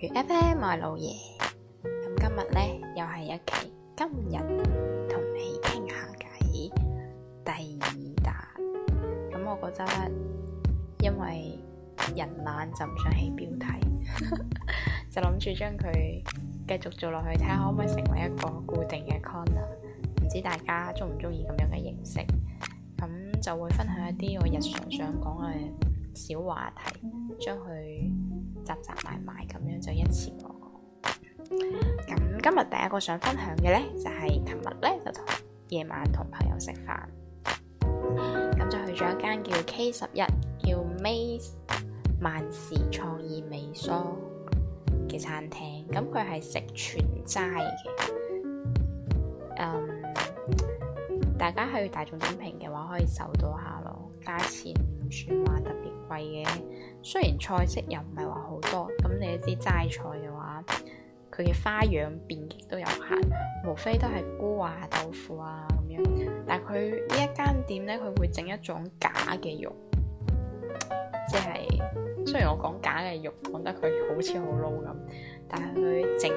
如 FM，我係老爺，咁今日咧又係一期，今日同你傾下偈第二彈。咁我覺得因為人懶就唔想起標題， 就諗住將佢繼續做落去睇下可唔可以成為一個固定嘅 corner，唔知大家中唔中意咁樣嘅形式。咁就會分享一啲我日常上講嘅小話題，將佢。雜雜埋埋咁樣就一次過。咁今日第一個想分享嘅呢，就係琴日呢，就同夜晚同朋友食飯，咁就去咗一間叫 K11，叫 Maze 萬事創意美蔬嘅餐廳。咁佢係食全齋嘅，um, 大家去大眾點評嘅話可以搜到下咯。價錢唔算話特別貴嘅，雖然菜式又唔係話好。咁你一啲齋菜嘅話，佢嘅花樣變極都有限，無非都係菇啊、豆腐啊咁樣。但佢呢一間店咧，佢會整一種假嘅肉，即係雖然我講假嘅肉，講得佢好似好撈咁，但係佢整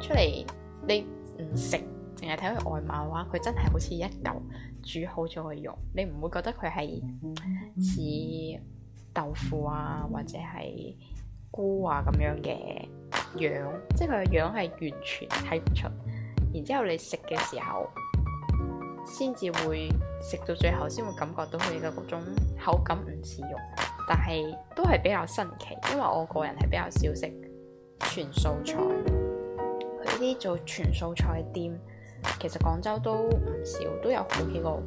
出嚟你唔食，淨係睇佢外貌嘅話，佢真係好似一嚿煮好咗嘅肉，你唔會覺得佢係似豆腐啊或者係？菇啊咁樣嘅樣，即係佢嘅樣係完全睇唔出。然之後你食嘅時候，先至會食到最後，先會感覺到佢嘅嗰種口感唔似肉，但係都係比較新奇。因為我個人係比較少食全素菜，佢呢啲做全素菜店，其實廣州都唔少，都有好幾個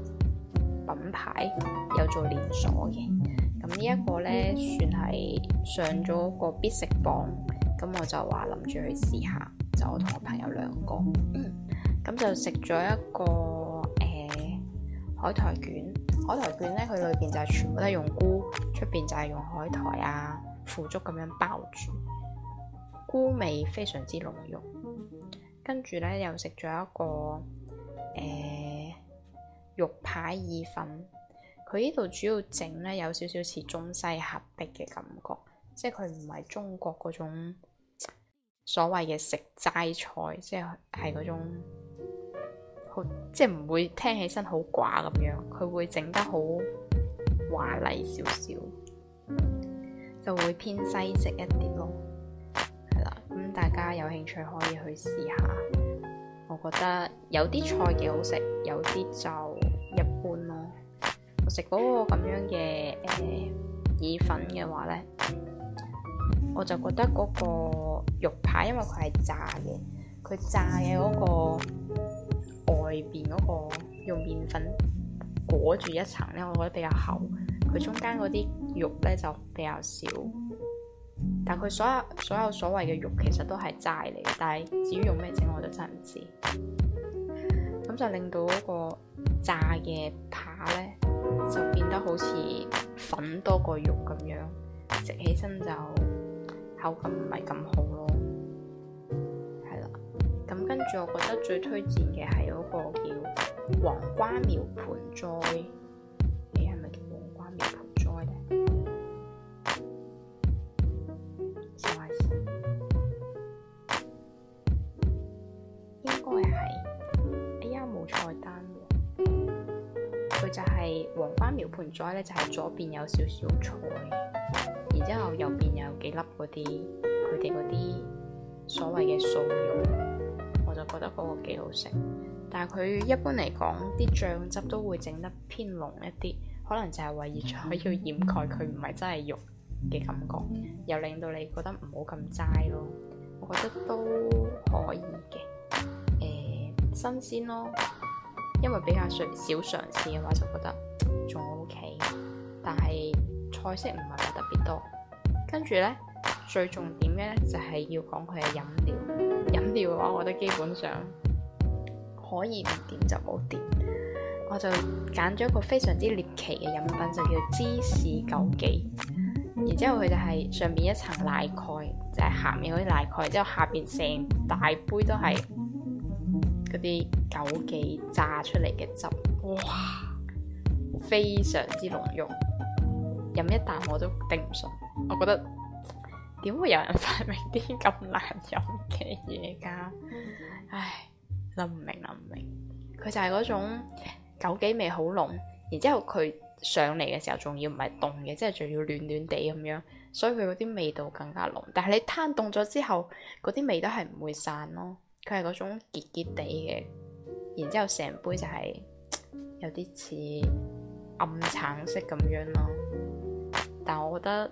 品牌有做連鎖嘅。咁呢一個咧算係上咗個必食榜，咁我就話諗住去試下，就同我，我朋友兩個，咁、嗯、就食咗一個誒、呃、海苔卷，海苔卷咧佢裏邊就係全部都係用菇，出邊就係用海苔啊腐竹咁樣包住，菇味非常之濃郁，跟住咧又食咗一個誒、呃、肉排意粉。佢呢度主要整咧有少少似中西合璧嘅感覺，即係佢唔係中國嗰種所謂嘅食齋菜，即係係嗰種，即係唔會聽起身好寡咁樣，佢會整得好華麗少少，就會偏西式一啲咯，係啦，咁大家有興趣可以去試下，我覺得有啲菜幾好食，有啲就～食嗰個咁樣嘅誒、呃、意粉嘅話咧，我就覺得嗰個肉扒，因為佢係炸嘅，佢炸嘅嗰個外邊嗰個用麵粉裹住一層咧，我覺得比較厚，佢中間嗰啲肉咧就比較少。但係佢所有，所有所有所謂嘅肉其實都係炸嚟嘅。但係至於用咩整，我就真係唔知。咁就令到嗰個炸嘅扒咧～就變得好似粉多過肉咁樣，食起身就口感唔係咁好咯，係啦。咁跟住我覺得最推薦嘅係嗰個叫黃瓜苗盆栽。就係黃花苗盆栽咧，就係左邊有少少菜，然之後右邊有幾粒嗰啲佢哋嗰啲所謂嘅素肉，我就覺得嗰個幾好食。但係佢一般嚟講，啲醬汁都會整得偏濃一啲，可能就係為葉菜要掩蓋佢唔係真係肉嘅感覺，又令到你覺得唔好咁齋咯。我覺得都可以嘅，誒新鮮咯～因為比較少少嘗試嘅話，就覺得仲 OK，但係菜式唔係咁特別多。跟住呢，最重點嘅呢，就係要講佢嘅飲料。飲料嘅話，我覺得基本上可以唔點就冇點。我就揀咗一個非常之獵奇嘅飲品，就叫芝士枸杞。然之後佢就係上面一層奶蓋，就係、是、下面嗰啲奶蓋，之後下邊成大杯都係。嗰啲枸杞榨出嚟嘅汁，哇，非常之濃郁，飲一啖我都頂唔順。我覺得點會有人發明啲咁難飲嘅嘢㗎？唉，諗唔明，諗唔明。佢就係嗰種枸杞味好濃，然之後佢上嚟嘅時候仲要唔係凍嘅，即係仲要暖暖地咁樣，所以佢嗰啲味道更加濃。但係你攤凍咗之後，嗰啲味道係唔會散咯。佢係嗰種澀澀地嘅，然之後成杯就係有啲似暗橙色咁樣咯。但我覺得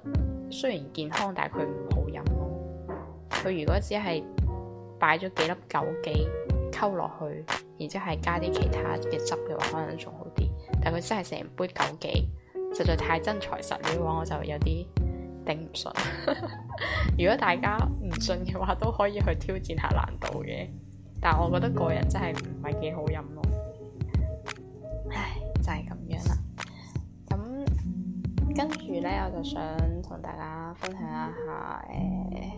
雖然健康，但係佢唔好飲咯。佢如果只係擺咗幾粒枸杞溝落去，然之後係加啲其他嘅汁嘅話，可能仲好啲。但佢真係成杯枸杞，實在太真材實料嘅話，我就有啲～頂唔順，信 如果大家唔信嘅話，都可以去挑戰下難度嘅。但係我覺得個人真係唔係幾好飲咯，唉，就係、是、咁樣啦。咁跟住咧，我就想同大家分享一下誒、呃，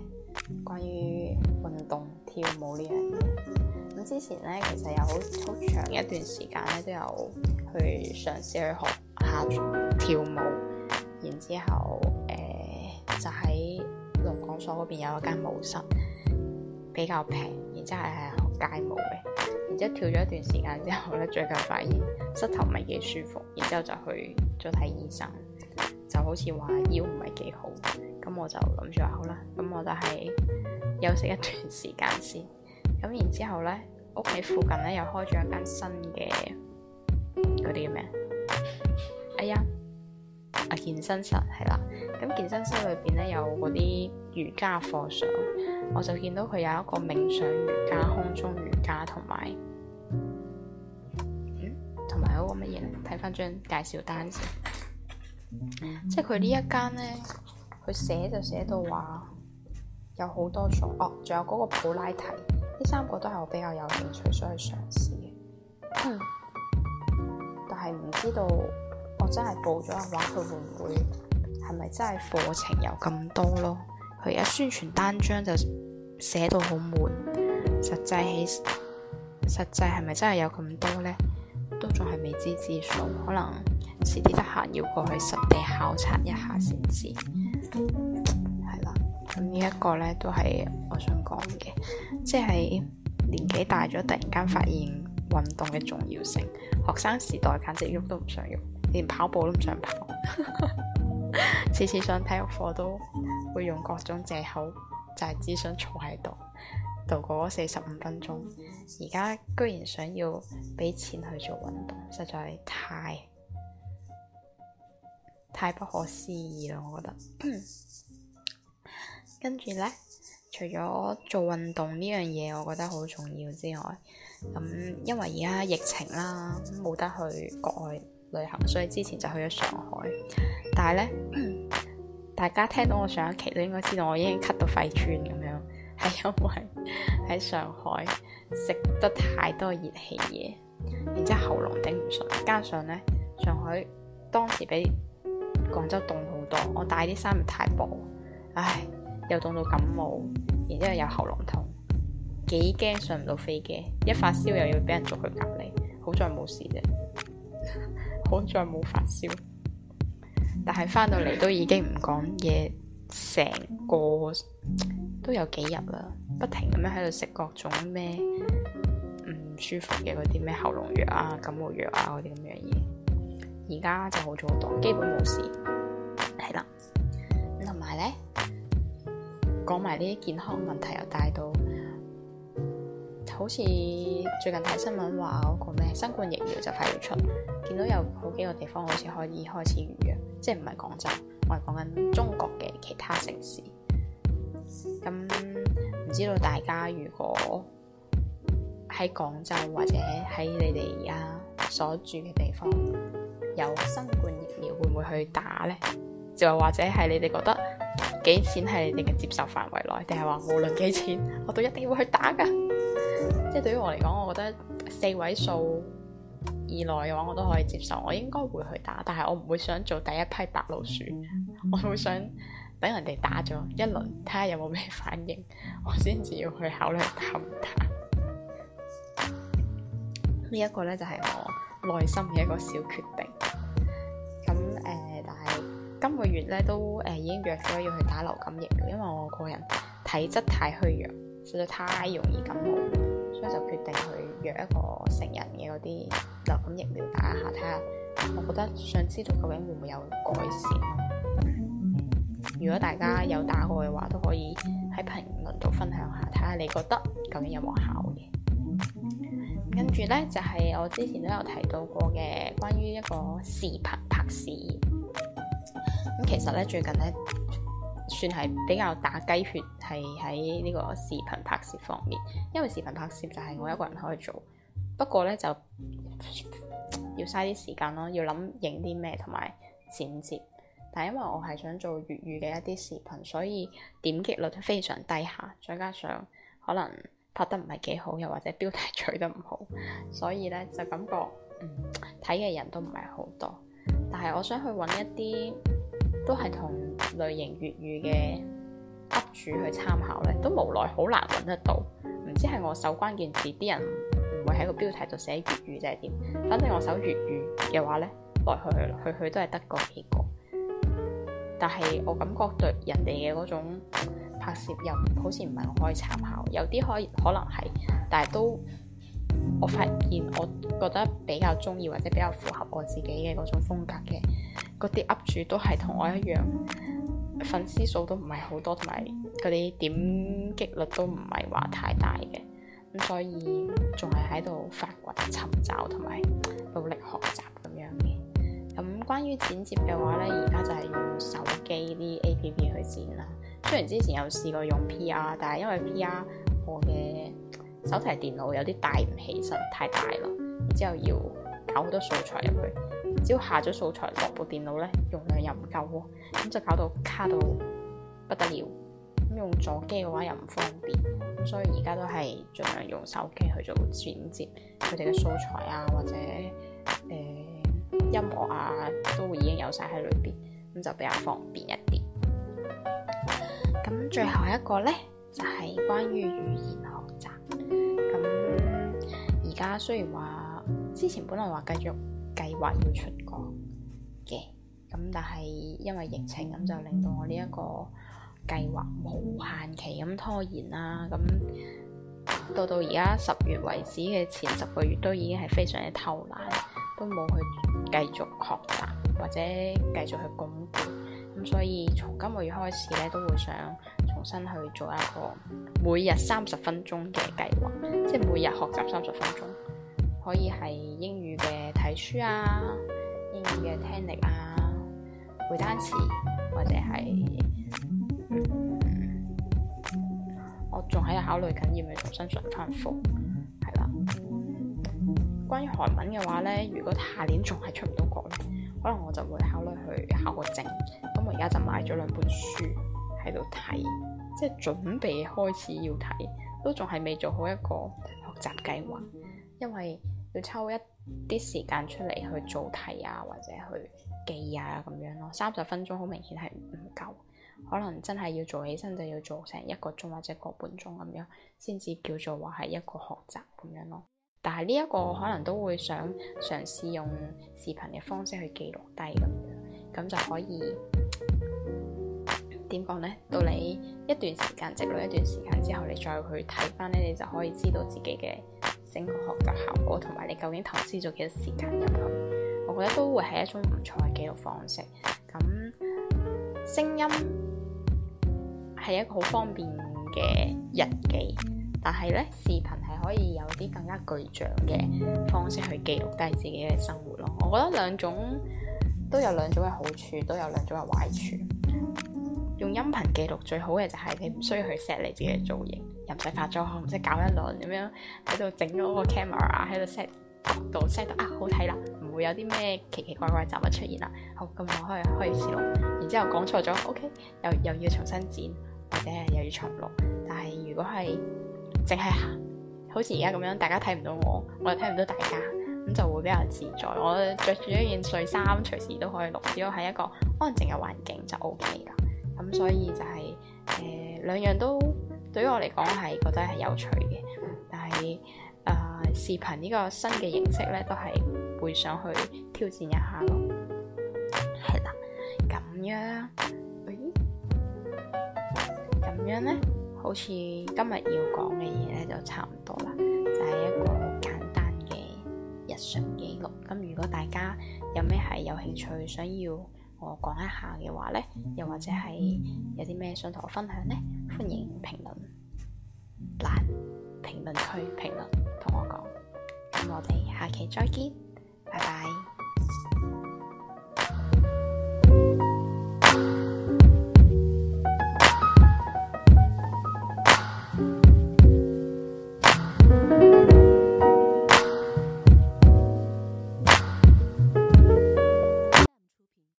關於運動跳舞呢樣嘢。咁之前咧，其實有好好長一段時間咧，都有去嘗試去學下、啊、跳舞，然之後。就喺龍崗所嗰邊有一間舞室，比較平，然之後係學街舞嘅，然之後跳咗一段時間之後咧，最近發現膝頭唔係幾舒服，然之後就去咗睇醫生，就好似話腰唔係幾好，咁我就諗住話好啦，咁我就係休息一段時間先，咁然之後咧屋企附近咧又開咗一間新嘅嗰啲咩？哎呀！啊，健身室係啦，咁健身室裏邊咧有嗰啲瑜伽課上，我就見到佢有一個冥想瑜伽、空中瑜伽同埋，嗯，同埋嗰個乜嘢咧？睇翻張介紹單先，嗯、即係佢呢一間咧，佢寫就寫到話有好多種，哦，仲有嗰個普拉提，呢三個都係我比較有興趣，想去嘗試嘅，嗯、但係唔知道。我真係報咗嘅話，佢、啊、會唔會係咪真係課程有咁多咯？佢一宣傳單張就寫到好悶，實際係實際係咪真係有咁多呢？都仲係未知之數，可能遲啲得閒要過去實地考察一下先知，係啦。咁呢一個呢，都係我想講嘅，即係年紀大咗，突然間發現運動嘅重要性。學生時代簡直喐都唔想喐。連跑步都唔想跑， 次次上體育課都會用各種借口，就係、是、只想坐喺度度過四十五分鐘。而家居然想要俾錢去做運動，實在係太太不可思議啦！我覺得 跟住咧，除咗做運動呢樣嘢，我覺得好重要之外，咁、嗯、因為而家疫情啦，冇得去國外。旅行，所以之前就去咗上海，但係呢，大家聽到我上一期都應該知道，我已經咳到肺穿咁樣，係因為喺上海食得太多熱氣嘢，然之後喉嚨頂唔順，加上呢，上海當時比廣州凍好多，我帶啲衫唔太薄，唉，又凍到感冒，然之後又喉嚨痛，幾驚上唔到飛機，一發燒又要俾人捉去隔離，好在冇事啫。好在冇發燒，但係翻到嚟都已經唔講嘢，成個都有幾日啦，不停咁樣喺度食各種咩唔舒服嘅嗰啲咩喉嚨藥啊、感冒藥啊嗰啲咁樣嘢，而家就好咗好多，基本冇事，係啦，同埋咧，講埋呢啲健康問題又帶到。好似最近睇新聞話嗰個咩新冠疫苗就快要出，見到有好幾個地方好似可以開始預約，即係唔係廣州，我係講緊中國嘅其他城市。咁唔知道大家如果喺廣州或者喺你哋而家所住嘅地方有新冠疫苗，會唔會去打呢？就或者係你哋覺得幾錢係你哋嘅接受範圍內，定係話無論幾錢我都一定要去打㗎？即係對於我嚟講，我覺得四位數以內嘅話，我都可以接受，我應該會去打，但係我唔會想做第一批白老鼠，我會想等人哋打咗一輪，睇下有冇咩反應，我先至要去考慮打唔打。呢、這、一個呢，就係、是、我內心嘅一個小決定。咁誒、呃，但係今個月呢，都誒、呃、已經約咗要去打流感疫苗，因為我個人體質太虛弱。實在太容易感冒，所以就決定去約一個成人嘅嗰啲流感疫苗打一下，睇下。我覺得想知道究竟會唔會有改善。如果大家有打過嘅話，都可以喺評論度分享下，睇下你覺得究竟有冇效嘅。跟住呢，就係、是、我之前都有提到過嘅，關於一個視頻拍攝咁、嗯、其實呢，最近呢。算係比較打雞血，係喺呢個視頻拍攝方面，因為視頻拍攝就係我一個人可以做，不過呢就要嘥啲時間咯，要諗影啲咩同埋剪接。但因為我係想做粵語嘅一啲視頻，所以點擊率都非常低下，再加上可能拍得唔係幾好，又或者標題取得唔好，所以呢就感覺睇嘅、嗯、人都唔係好多。但係我想去揾一啲都係同。類型粵語嘅 Up 主去參考咧，都無奈好難揾得到，唔知係我搜關鍵字啲人唔會喺個標題度寫粵語定係點？反正我搜粵語嘅話咧，來去去去去，去都係得個幾個。但係我感覺對人哋嘅嗰種拍攝又好似唔係我可以參考，有啲可以可能係，但係都我發現我覺得比較中意或者比較符合我自己嘅嗰種風格嘅嗰啲 Up 主都係同我一樣。粉絲數都唔係好多，同埋嗰啲點擊率都唔係話太大嘅，咁所以仲係喺度發掘、尋找同埋努力學習咁樣嘅。咁關於剪接嘅話咧，而家就係用手機啲 APP 去剪啦。雖然之前有試過用 PR，但係因為 PR 我嘅手提電腦有啲帶唔起身，太大啦，然之後要搞好多素材入去。只要下咗素材落部電腦咧，容量又唔夠，咁就搞到卡到不得了。咁用座機嘅話又唔方便，所以而家都係盡量用手機去做剪接，佢哋嘅素材啊或者誒、呃、音樂啊，都會已經有晒喺裏邊，咁就比較方便一啲。咁最後一個咧就係、是、關於語言學習。咁而家雖然話之前本來話繼續。計劃要出國嘅，咁，但係因為疫情咁，就令到我呢一個計劃無限期咁拖延啦、啊。咁到到而家十月為止嘅前十個月，都已經係非常之偷懶，都冇去繼續學習或者繼續去鞏固咁。所以從今個月開始咧，都會想重新去做一個每日三十分鐘嘅計劃，即、就、係、是、每日學習三十分鐘可以係英語嘅。睇書啊，英語嘅聽力啊，背單詞或者係、嗯、我仲喺度考慮緊，要唔要重新上翻課？係啦，關於韓文嘅話咧，如果下年仲係出唔到國咧，可能我就會考慮去考個證。咁我而家就買咗兩本書喺度睇，即係準備開始要睇，都仲係未做好一個學習計劃，因為要抽一。啲時間出嚟去做題啊，或者去記啊，咁樣咯。三十分鐘好明顯係唔夠，可能真係要做起身就要做成一個鐘或者個半鐘咁樣，先至叫做話係一個學習咁樣咯。但係呢一個可能都會想嘗試用視頻嘅方式去記錄低咁樣，咁就可以點講呢？到你一段時間積累一段時間之後，你再去睇翻咧，你就可以知道自己嘅。整個學習效果同埋你究竟投資咗幾多時間入去，我覺得都會係一種唔錯嘅記錄方式。咁聲音係一個好方便嘅日記，但係咧視頻係可以有啲更加具象嘅方式去記錄低自己嘅生活咯。我覺得兩種都有兩種嘅好處，都有兩種嘅壞處。用音頻記錄最好嘅就係你唔需要去 set 你自己嘅造型。又唔使化妝，唔使搞一輪咁樣喺度整咗個 camera 啊，喺度 set 角度 set 得啊好睇啦，唔會有啲咩奇奇怪怪雜物出現啦。好咁我可以開始錄，然之後講錯咗，OK，又又要重新剪或者係又要重錄。但係如果係淨係好似而家咁樣，大家睇唔到我，我又睇唔到大家，咁就會比較自在。我着住一件睡衫，隨時都可以錄，只要係一個安靜嘅環境就 OK 啦。咁所以就係誒兩樣都。對於我嚟講係覺得係有趣嘅，但係誒、呃、視頻呢個新嘅形式咧，都係會想去挑戰一下囉。係啦，咁樣，誒、哎，咁樣咧，好似今日要講嘅嘢咧就差唔多啦，就係、是、一個好簡單嘅日常記錄。咁如果大家有咩係有興趣想要，我講一下嘅話呢，又或者係有啲咩想同我分享呢？歡迎評論欄、評論區、評論，同我講。咁我哋下期再見，拜拜。